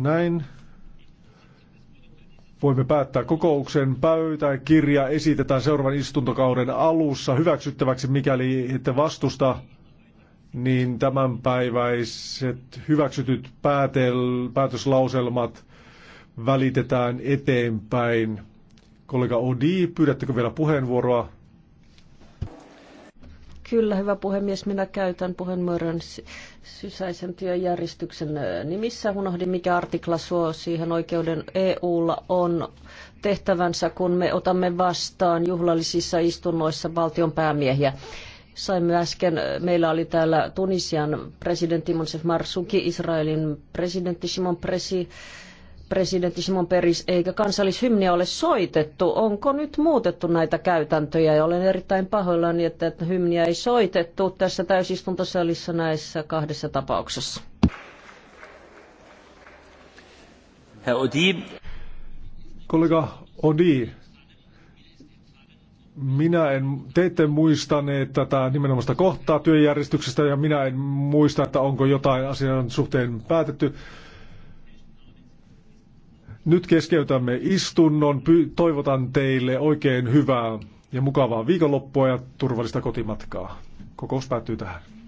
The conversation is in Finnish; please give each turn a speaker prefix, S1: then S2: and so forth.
S1: Näin voimme päättää kokouksen pöytäkirja esitetään seuraavan istuntokauden alussa hyväksyttäväksi, mikäli ette vastusta, niin tämänpäiväiset hyväksytyt päätel, päätöslauselmat välitetään eteenpäin. Kollega Odi, pyydättekö vielä puheenvuoroa?
S2: Kyllä, hyvä puhemies. Minä käytän puheenvuoron sisäisen työjärjestyksen nimissä. Unohdin, mikä artikla suo siihen oikeuden EUlla on tehtävänsä, kun me otamme vastaan juhlallisissa istunnoissa valtion päämiehiä. Saimme äsken, meillä oli täällä Tunisian presidentti Monsef Marsuki, Israelin presidentti Simon Presi, presidentti Simon Peris, eikä kansallishymniä ole soitettu. Onko nyt muutettu näitä käytäntöjä? Ja olen erittäin pahoillani, että hymniä ei soitettu tässä täysistuntosalissa näissä kahdessa tapauksessa. Herr Odi. Kollega Odi,
S1: minä en, te ette muistaneet tätä nimenomaista kohtaa työjärjestyksestä ja minä en muista, että onko jotain asian suhteen päätetty. Nyt keskeytämme istunnon. Toivotan teille oikein hyvää ja mukavaa viikonloppua ja turvallista kotimatkaa. Kokous päättyy tähän.